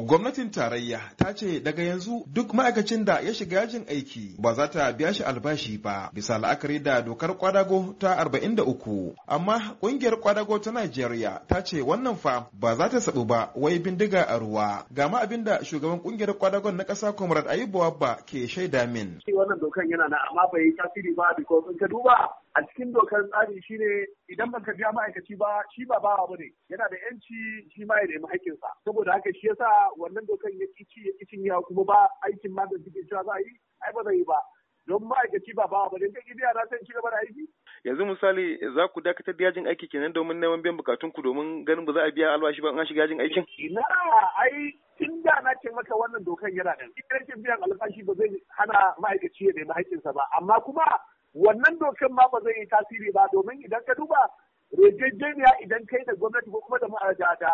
Gwamnatin tarayya ta ce daga yanzu duk ma'aikacin da ya shiga yajin aiki ba za ta biya shi albashi ba bisa la'akari da dokar kwadago ta 43. Amma kungiyar kwadago ta Najeriya ta ce wannan fa ba za ta sabu ba wai bindiga a ruwa. Ga ma abin shugaban kungiyar kwadagon na ƙasa Comrade Ayubu Abba ke shaida min. wannan dokan yana na amma bai yi tasiri ba because in ka duba a cikin dokar tsari shine idan ban ka biya ma'aikaci ba shi ba bawa bane yana da yanci shi ma ya nemi haƙƙinsa saboda haka shi yasa wannan dokar ya ƙi ya ci ya kuma ba aikin ma da suke cewa za a yi ai ba zai yi ba don ma'aikaci ba bawa bane kai biya na san ci gaba da aiki yanzu misali za ku dakatar da yajin aiki kenan domin neman biyan bukatun ku domin ganin ba za a biya albashi ba in an shiga yajin aikin ina ai tun da na ce maka wannan dokar yana da rashin biyan albashi ba zai hana ma'aikaci ya nemi haƙƙinsa ba amma kuma wannan dokin ma ba zai yi tasiri ba domin idan ka duba rejejeniya idan kai da gwamnati ko kuma da da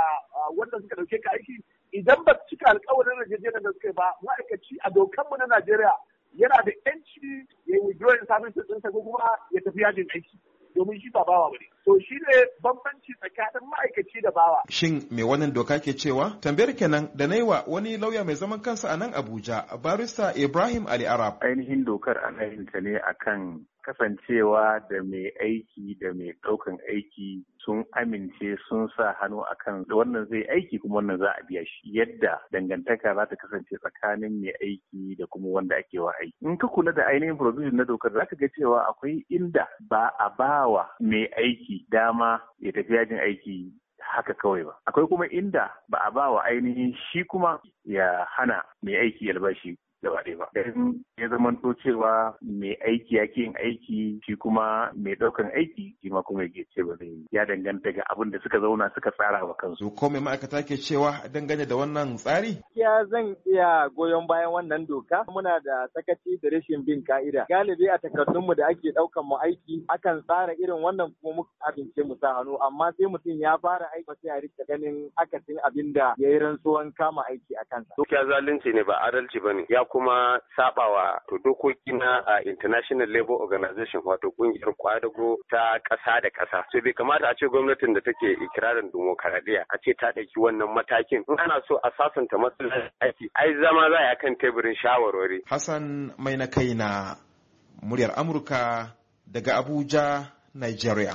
wanda suka dauke ka aiki idan ba su cika alkawarin rejejeniya da suka yi ba ma'aikaci a dokanmu na Najeriya yana da yanci ya yi withdrawing services ɗinsa ko kuma ya tafi yajin aiki. domin shi ba bawa bane to shi ne bambanci tsakanin ma'aikaci da bawa shin me wannan doka ke cewa tambayar kenan da naiwa wani lauya mai zaman kansa a nan Abuja barista Ibrahim Ali Arab ainihin dokar a ta ne akan kasancewa da mai aiki da mai ɗaukan aiki sun amince sun sa hannu akan wannan zai aiki kuma wannan za a biya shi yadda dangantaka za ta kasance tsakanin mai aiki da kuma wanda ake wa aiki in ka kula da ainihin provision na dokar za ka ga cewa akwai inda ba a bawa mai aiki dama ya tafi yajin aiki haka kawai ba akwai kuma inda ba a bawa wa ainihin shi kuma ya hana mai aiki albashi gaba ɗaya ba. Mm. ya zama to cewa mai aiki ya yin aiki shi kuma mai ɗaukan aiki shi ma kuma ya ce ba zai yi ya danganta ga abin da suka zauna suka tsara wa kansu. ko mai ma'aikata ke cewa dangane da wannan tsari? ya zan iya goyon bayan wannan doka muna da sakaci da rashin bin ka'ida galibi a takardunmu da ake ɗaukan mu aiki akan tsara irin wannan kuma muka abince mu sa hannu amma sai mutum ya fara aiki sai a rika ganin akasin abin da ya yi rantsuwan kama aiki a kansa. ya zalunci ne ba adalci ba ne kuma sabawa to dokoki na International labor Organization wato kungiyar kwadago ta ƙasa da ƙasa. So bai kamata a ce gwamnatin da take ikirarin dimokuraɗiyya a ce ta ɗauki wannan matakin. In ana so a sasanta matsalar aiki ai zama za a kan teburin shawarwari. Hassan mai na kai na muryar Amurka daga Abuja, Nigeria.